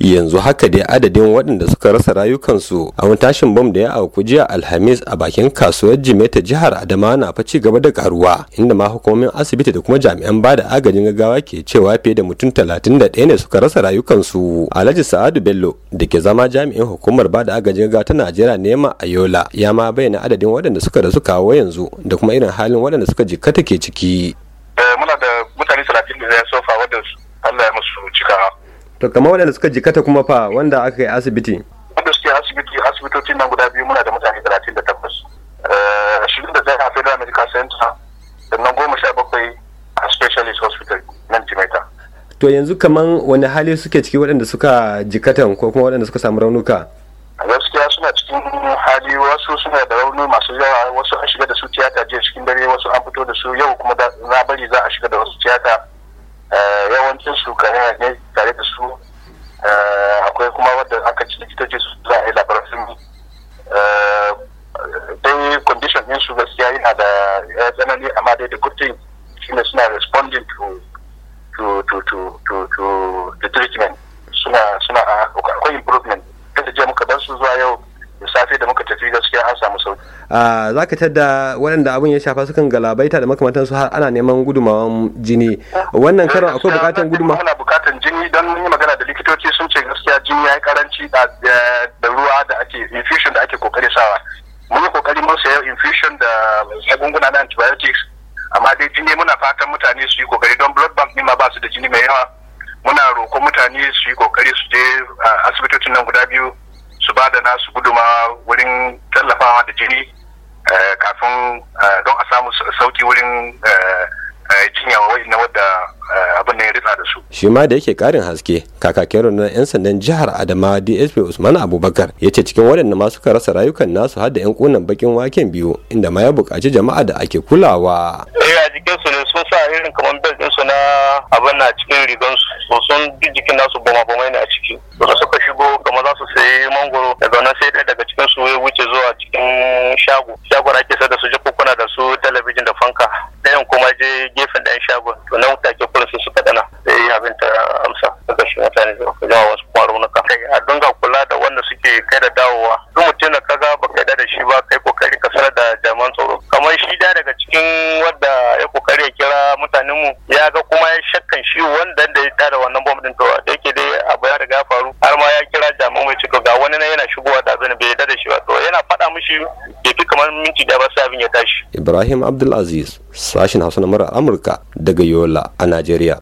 yanzu haka dai adadin waɗanda suka rasa rayukansu a wani tashin bom da ya auku jiya alhamis a bakin kasuwar jimeta jihar adama na fa ci gaba da karuwa inda ma hukumomin asibiti da kuma jami'an ba da agajin gaggawa ke cewa fiye da mutum talatin da ɗaya ne suka rasa rayukansu alhaji sa'adu bello da ke zama jami'in hukumar ba da agajin gaggawa ta najeriya nema ayola ya ma bayyana adadin waɗanda suka rasu kawo yanzu da kuma irin halin waɗanda suka jikkata ke ciki. Eh, muna da mutane talatin da ya sofa wadda Allah ya musu cikawa to kamar waɗanda suka jikata kuma fa wanda aka yi asibiti wanda suke asibiti asibitocin nan guda biyu muna da mutane talatin da tabbas eh, shirin da a federal medical center sannan goma sha bakwai a specialist hospital nan jimaita to yanzu kamar wani hali suke ciki waɗanda suka jikatan ko kuma waɗanda suka samu raunuka gaskiya suna cikin hali wasu suna da rauni masu yawa wasu an shiga da su tiyata jiya cikin dare wasu an fito da su yau kuma na bari za a shiga da wasu tiyata eh, yawancin su kare ne wadda aka ci ce su za a yi labarafin eh, eh, dai condition din su gaskiya yana da tsanani amma dai da good thing shine suna responding to to to to to to the treatment suna suna akwai improvement kada je muka bar su zuwa yau da safe da muka tafi gaskiya an samu sauki ah, za ka tadda waɗanda abin ya shafa sukan galabaita da makamantan su har ana neman gudumawan jini eh, wannan karon akwai bukatan guduma ana bukatan jini don yi magana da likitoci sun ce gaskiya jini ya yi karanci da ruwa da ake infusion da ake kokari sawa mun yi kokari mun sayo infusion da magunguna na antibiotics amma dai jini muna fatan mutane su yi kokari don blood bank ma ba su da jini mai yawa muna roko mutane su yi kokari su je asibitocin nan guda biyu su ba da nasu guduma wurin tallafawa da jini eh, kafin eh, don a samu sauki wurin eh, jinyawa na wadda shi ma da yake karin haske kakakin rundunar 'yan sandan jihar adamawa dsp usman abubakar ya ce cikin waɗanda ma suka rasa rayukan nasu har da 'yan kunan bakin waken biyu inda ma ya buƙaci jama'a da ake kulawa. Eh, a jikin su ne sun sa irin kamar bel su na abin na cikin rigan su sun jikin nasu bama bamai ne a ciki da suka shigo kamar za su sayi mangoro daga nan sai ɗaya daga cikin su ya wuce zuwa cikin shago shagon ake sa da su da su talabijin da fanka ɗayan kuma je gefen ɗayan shagon to na take ya ga kuma ya shakkan shi wanda da ya tada wannan bom din to da yake dai abu ya riga faru har ma ya kira jami'an mai ciko ga wani na yana shigowa da zan bai yarda da shi ba to yana faɗa mishi bai fi kamar minti da ba sai abin ya tashi Ibrahim Abdulaziz sashin Hausa na Amurka daga Yola a Najeriya